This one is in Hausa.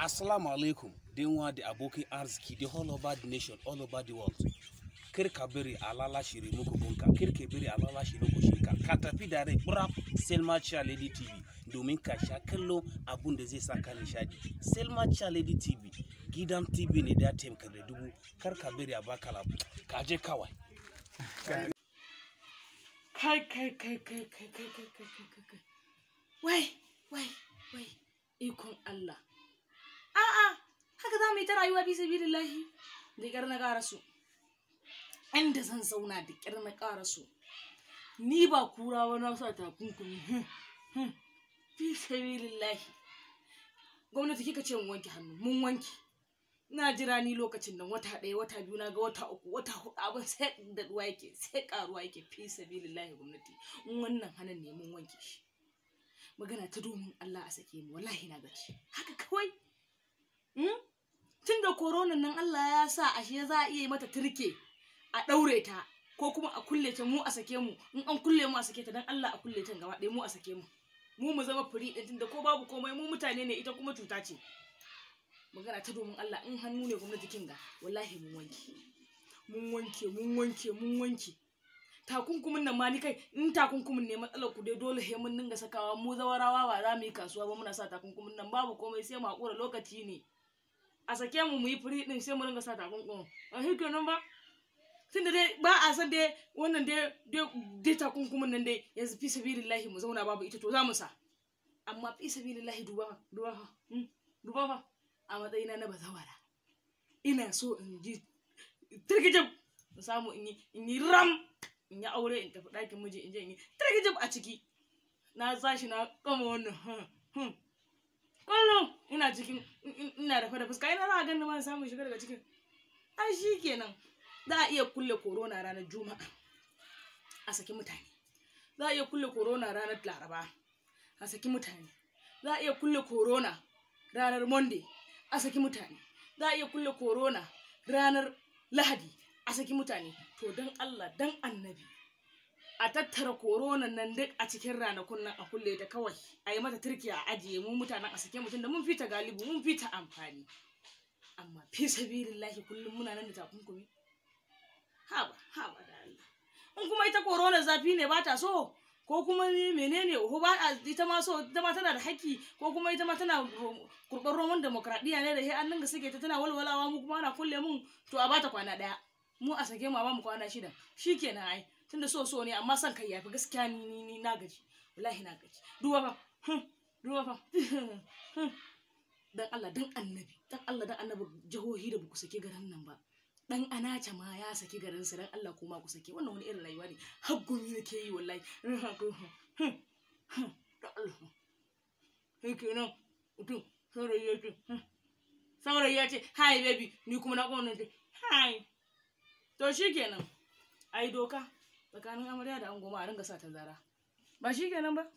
Assalamu alaikum, wa da abokin arziki the whole over the nation, all over the world. Kirka biri alala shiri muku bunka, kirka biri alala shiri muku shika Ka tafi da rai buraf Selma Lady TV domin ka sha kallo abun da zai sa ka nishadi. Selma Lady TV gidan TV ne da ka da dubu, kar ka biri a baka labu, ka je kawai. Kai kai kai kai kai kai kai kai kai. rayuwa fi sabilillahi da kyar na ƙara su inda zan zauna da kyar na ƙara su ni ba kura ba na sa takunkumi bi hmm, hmm. sabilillahi gwamnati kika ce mun wanke hannu mun wanke na jira ni lokacin nan wata ɗaya wata biyu na ga wata uku wata hudu abin sai da ruwa yake sai karuwa yake fi sabilillahi gwamnati wannan hannun ne mun wanke shi magana ta domin Allah a sake mu wallahi na gaci haka kawai hmm? tun da nan Allah ya sa ashe za a iya yi mata turke a ɗaure ta ko kuma a kulle ta mu a sake mu in an kulle mu a sake ta dan Allah a kulle ta gaba ɗaya mu a sake mu mu mu zama firi ɗin tunda ko babu komai mu mutane ne ita kuma cuta ce magana ta domin Allah in hannu ne gwamnati kin ga wallahi mun wanke mun wanke mun wanke mun wanke takunkumin nan ma ni kai in takunkumin ne matsalar ku dai dole he mun dinga sakawa mu zawarawa ba za mu yi kasuwa ba muna sa takunkumin nan babu komai sai mu hakura lokaci ne a sake mu mu yi firi din sai mu ringa sa takunkuma a hikyo nan ba tun da dai ba a san dai wannan dai dai nan dai yanzu fi sabilillahi mu zauna babu ita to za mu sa amma fi sabilillahi duba duba fa hmm, duba fa a matsayina na bazawara ina so in ji tirgijin in samu in yi in yi ram in yi aure in tafi ɗakin miji in je in yi tirgijin a ciki na zashi na kama wannan hmm, hmm. kullum ina cikin ina da fada fuska ina za a gani mana samun shiga daga cikin ai shi kenan za a iya kulle korona ranar juma'a a saki mutane za a iya kulle korona ranar laraba a saki mutane za a iya kulle korona ranar monday a saki mutane za a iya kulle korona ranar lahadi a saki mutane to don allah don annabi a tattara koronan nan duk a cikin ranakun nan a kulle ta kawai a yi mata turki a ajiye mu mutanen a sake mutum da mun fita galibu mun fita amfani amma fi sabilillahi kullum muna nan da takunkumi haba haba da Allah in kuma ita korona zafi ne ba ta so ko kuma menene uhu ba ita ma so ita ma tana da haƙƙi ko kuma ita ma tana kurɓar roman demokradiyya ne da he an dinga suke ta tana walwalawa mu kuma ana kulle mun to a bata kwana ɗaya mu a sake mu a ba mu kwana shida shikenan ai tunda so so ne amma son kai yafi gaskiya ni ni na gaji wallahi na gaji duwa fa hmm. duwa fa hmm. dan Allah dan annabi dan Allah dan annabi jahohi da buku saki garin nan ba dan anace ma ya saki garin sa dan Allah kuma ku saki wannan wani irin rayuwa ne ne ke yi wallahi hmm. dan Allah kai kenan mutum saurayi ya ce saurayi ya ce hi baby ni kuma na kwanan ce hi to shikenan ai doka tsakanin amarya da angoma a ringa sa tazara ba shi kenan ba